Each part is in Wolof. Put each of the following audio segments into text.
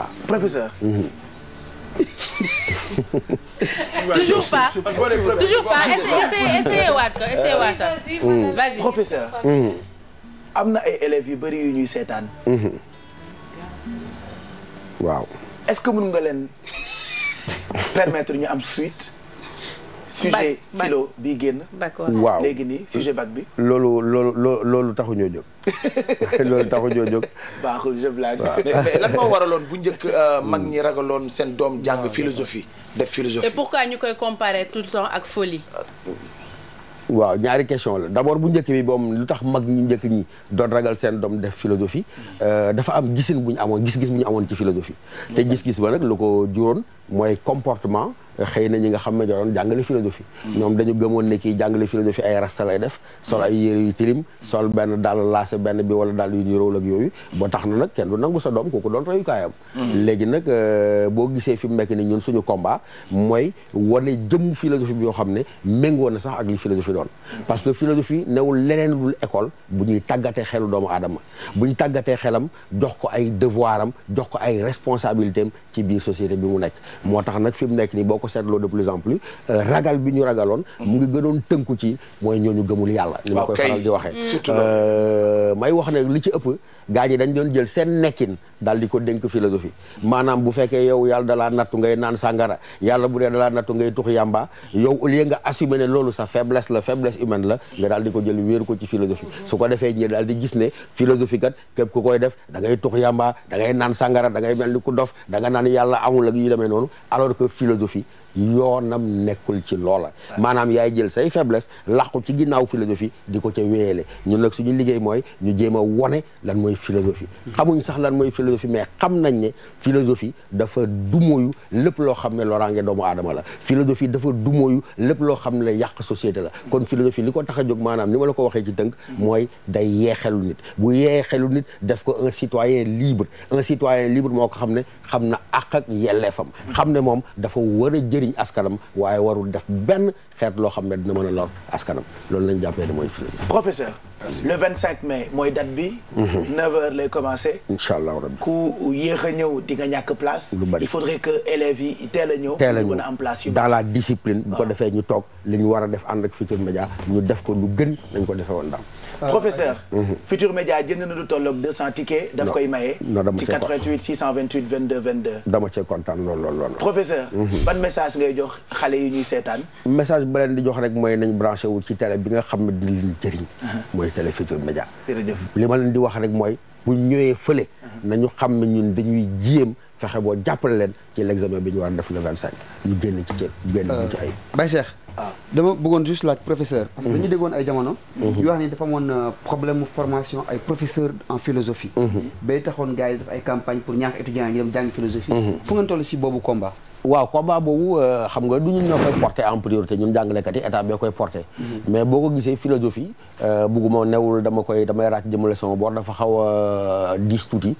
voilà. professeur. Mm-hmm. toujours pas toujours pas essayé mm-hmm. mm. mm-hmm. am na ay élèves yu bëri yu ñuy seetaan. est-ce que mën nga leen permettre ñu am suite. sujet philo bi génn. waaw léegi nii sujet bac bi. loolu loolu loo loolu taxu ñoo jóg loolu taxu ñoo jóg. baaxul je blague. mais lan moo waraloon bu njëkk euh, mag ñi ragaloon seen doom jàng philosophie def philosophie. et pourquoi ñu koy comparer tout le temps ak folie. waaw ñaari question la d'abord bu njëkk bi boom lu tax mag ñu njëkk ñi doon ragal seen doom def philosophie euh, dafa am gisin bu ñu amoon gis-gis bu ñu amoon ci philosophie. te gis-gis ba nag lu ko juróon mooy comportement. xëy na ñi nga xam ne doon jàngale philosophie ñoom dañu gëmoon ne kii jàngale philosophie ay rasta lay def sol ay yére yu tilim sol benn daal laase benn bi wala daal yu niroowul ak yooyu ba tax na nag kenn du nangu sa doom kooku doon reyukaayam hmm. léegi nag euh, boo gisee fi mu nekk ni ñun suñu combat mooy wane jëm philosophie bi yoo xam ne méngoo na sax ak li philosophie doon hmm. parce que philosophie newul leneen dul école bu ñuy tàggatee xelu doomu aadama bu ñu tàggatee xelam jox ko ay devoiram jox ko ay ci biir société bi mu nekk moo tax nag fi mu nekk ni boo seetloo de plus en plus euh, ragal bi ñu ragaloon mu ngi gënoon tënku ci mooy ñu gëmul yàlla li ma koy faral di waxee euh, may wax ne li ci ëpp gaa ñi dañ doon jël seen nekkin dal di ko dénk philosophie maanaam bu fekkee yow yàlla dalaa nattu ngay naan sangara yàlla bu dee dalaa nattu ngay tux yàmba yow au lieu nga assumer ne loolu sa faiblesse la faiblesse humaine la nga daal di ko jël wéeru ko ci philosophie su ko defee ñi daal di gis ne philosophie kat képp ku koy def da ngay tux yàmba naan sàngara da ngay mel ni ku dof da nga naan yàlla amul ak yu demee noonu alors que philosophie yoonam nekkul ci loola maanaam yaay jël say faiblesse làqu ci ginnaaw philosophie di ko ca wéyele ñun nag suñu liggéey mooy ñu jéem a wone lan mooy philosophie xamuñ sax lan mooy philosophie mais xam nañ ne philosophie dafa dumoyu lépp loo xam ne loraange doomu aadama la philosophie dafa du dumoyu lépp loo xam ne yàq société la kon philosophie li ko tax a jóg maanaam ni ma la ko waxee ci tënk mooy day yeexelu nit bu yeexelu nit def ko un citoyen libre un citoyen libre moo ko xam ne xam na àq ak yelleefam xam ne moom dafa war a jëriñ askanam waaye warul def benn xeet loo xam ne dina mën a lor askanam loolu lañ jàppee mooy le 25 mai mooy date bi. 9h mhm. lay commencé. incha allah rabi ku yéex a ñëw di nga ñàkk place. lu bari il faudrait que élèves yi teel a ñëw. teel a ñëw mën a am place yu dans la discipline. bu ko defee ñu toog li ñu war a def ànd ak Futurs Médias ñu def ko lu gën nañ ko defee woon daaw. Euh, professeur. Mm-hmm. Futur Média jënd na lu tolloog 200 tickets. daf koy maye. ci 88 628 22 22. dama cee kontaan lool lool lool. professeur. Mm-hmm. ban message ngay jox xale yi ñuy seetaan. message ba leen di jox rek mooy nañ branché wu ci télé bi nga xam ne dina leen jëriñ. Uh-huh. mooy télé Futur Média. li ma leen di wax rek mooy bu ñëwee fële. Uh-huh. nañu xam ne ñun dañuy jéem. fexe boo jàppale leen ci l'examen bi ñu war def le vingt cinq ñu génn ci ceeb génn ci euh, ay Baye dama bëggoon juste laaj professeur. parce que mhm. dañu déggoon ay jamono. Mhm. yu wax ni dafa amoon euh, problème formation ay professeur en philosophie. Mhm. bay taxoon gars pour ñaax étudiants yi ñu dem jàng philosophie. fu euh, ko gisee philosophie euh, bugguma newul a dañ koy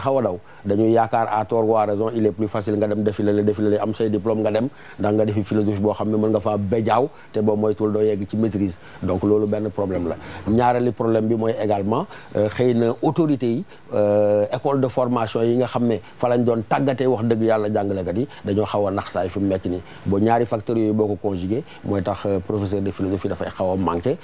xaw daw dañuy yaakaar à tort raison il est plus facile nga dem défilé la am say diplôme nga dem ndax nga defi philosophie boo xam ne nga faa jaaw te boo moytuwul doo yegg ci maîtrise donc loolu benn problème la ñaareelu problème bi mooy également euh, xëy na autorité yi euh, école de formation yi nga xam ne fa lañ doon tàggatee wax dëgg yàlla jàngalekat yi dañoo xaw a naxsaay fi mu nekk nii boo ñaari facteurs yooyu boo ko conjugué mooy tax euh, professeur de philosophie dafay xaw a manqué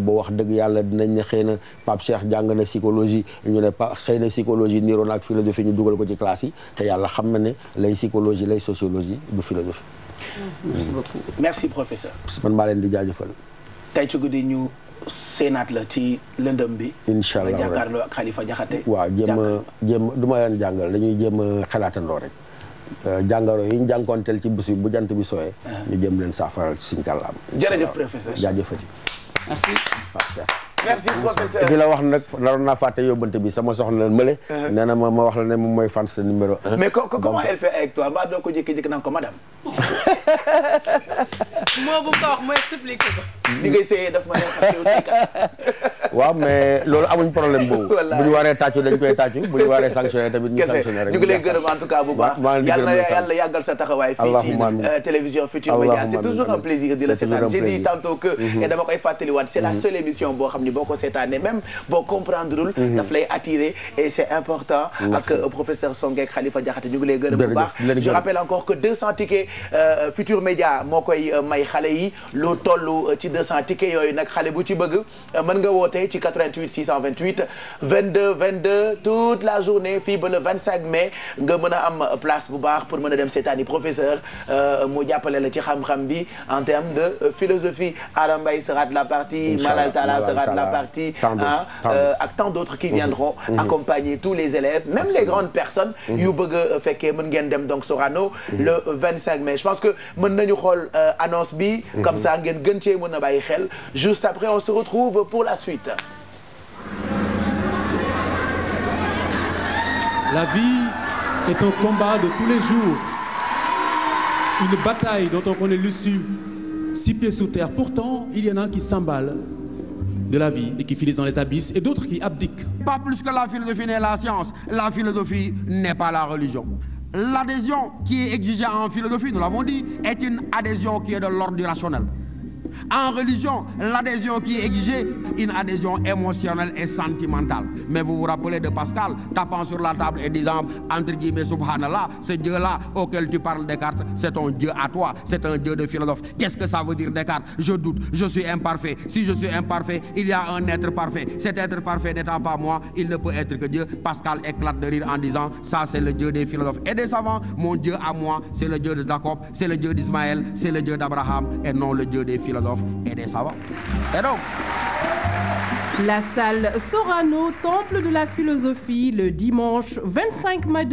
boo wax dëgg yàlla dinañ ne xëy na Pape Cheikh jàng na psychologie ñu ne pa xëy na psychologie niroo na ak philosophie ñu dugal ko ci te yàlla xam na ne lay psychologie lay sociologie du philosophie merci merci professeur. man maa leen di jaajëfal. tey ci guddi ñu séenaat la ci lëndëm bi. incha allah nga jàkkaarloo ak Khalifa Diakhaté. waaw jéem a du ma leen jàngal dañuy jéem a xalaatandoo rek. Euh, jàngoro yi ñu jànkoonteel ci bés bi bu jant bi sooyee. Ah. ñu jëm leen saafaral ci suñu kàllaama. jërëjëf professeur jaajëfati. merci. merci professeur di la wax nag naroon naa fàtte yóbbante bi sama soxna Mbale. Ah. nee na ma ma wax la ne moom mooy fan sa numéro un. mais comment elle fait avec toi mbaa doo ko jékki-jékki naan ko madame. moo bu ko wax mu expliqué ko. li ngay seeyee daf ma ne xam yow waaw mais loolu amuñ problème boobu. bu ñu waree tàccu dañ koy tàccu bu ñu waree sanctionné tamit ñu en tout cas bu baax. yal na yàlla yàggal fii ci euh, télévision Futur Média. c'est toujours un plaisir di mm-hmm. c'est la mm-hmm. seule émission boo xam ni boo ko seetaanee même mm-hmm. lay attirer et c'est important. ak euh, professeur Songuek Khalifa Diakhaté ñu ngi lay gërëm je rappelle encore que 200 Futur Média moo euh, may xale yi lu toll ci 200 tickets yooyu nag bu ci bëgg woote ci 88 628 22 22 toute la journée fii ba le 25 mai nga mën a am place bu baax pour mën a dem seetaani professeur euh, mu jàppale la ci xam-xam bi en termes de euh, philosophie Adam Mbaye sera de la partie Malal Talla sera de la partie ah ak tant d'autres qui mhm. viendront mhm. accompagner tous les élèves même les grandes personnes mhm. yu bëgg a fekkee mën ngeen dem donc Sorano le 25 mai je pense que mën nañu xool annonce bi comme ça ngeen gën cee mën a bàyyi xel juste après on se retrouve pour la suite vite. La vie est un combat de tous les jours. Une bataille dont on connaît l'issue six pieds sous terre. Pourtant, il y en a qui s'emballent de la vie et qui finissent dans les abysses et d'autres qui abdiquent. Pas plus que la philosophie n'est la science, la philosophie n'est pas la religion. L'adhésion qui est exigée en philosophie, nous l'avons dit, est une adhésion qui est de l'ordre du rationnel. En religion, l'adhésion qui est exigée, une adhésion émotionnelle et sentimentale. Mais vous vous rappelez de Pascal, tapant sur la table et disant, entre guillemets, subhanallah, ce Dieu-là auquel tu parles Descartes, c'est ton Dieu à toi, c'est un Dieu de philosophe. Qu'est-ce que ça veut dire Descartes Je doute, je suis imparfait. Si je suis imparfait, il y a un être parfait. Cet être parfait n'étant pas moi, il ne peut être que Dieu. Pascal éclate de rire en disant, ça c'est philosophes et des savants. Et la salle Sorano, temple de la philosophie, le dimanche 25 mai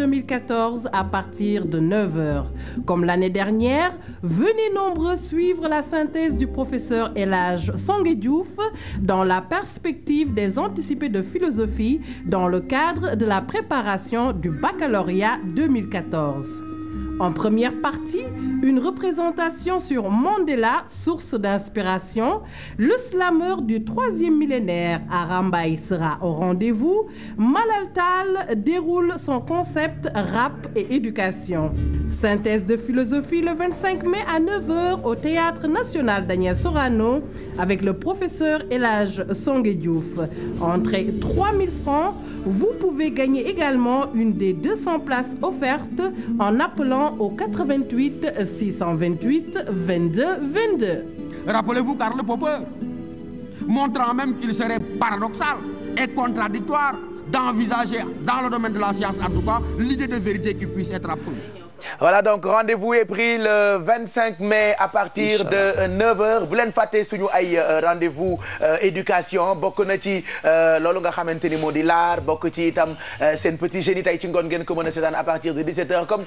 à partir de 9h. Comme l'année dernière, venez nombreux suivre la synthèse du professeur Elage Sanguediouf dans la perspective des anticipés de philosophie dans le cadre de la préparation du baccalauréat 2014. En première partie, une représentation sur Mandela, source d'inspiration. Le slammer du troisième millénaire, Arambaï, sera au rendez-vous. Malaltal déroule son concept rap et éducation. Synthèse de philosophie le 25 mai à 9h au Théâtre National Daniel Sorano avec le professeur Elage Songuediouf. Entrée 3000 francs. Vous pouvez gagner également une des places offertes en également au 88 628 22 22. Rappelez-vous Karl Popper, montrant même qu'il serait paradoxal et contradictoire d'envisager, dans le domaine de la science en tout cas, de vérité qui puisse être absolue. Voilà donc rendez-vous est à partir de 9h bu leen fàtte suñu ay euh, rendez-vous euh, éducation na ci euh, loolu nga xamante ni moo di l'art bokk ci itam euh, seen petit génie